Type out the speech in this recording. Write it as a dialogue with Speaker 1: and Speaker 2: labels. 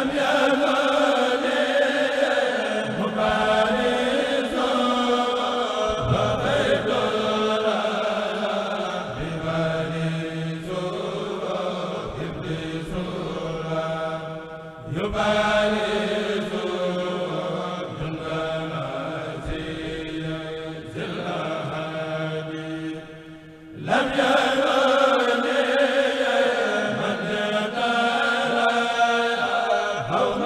Speaker 1: amiin yaa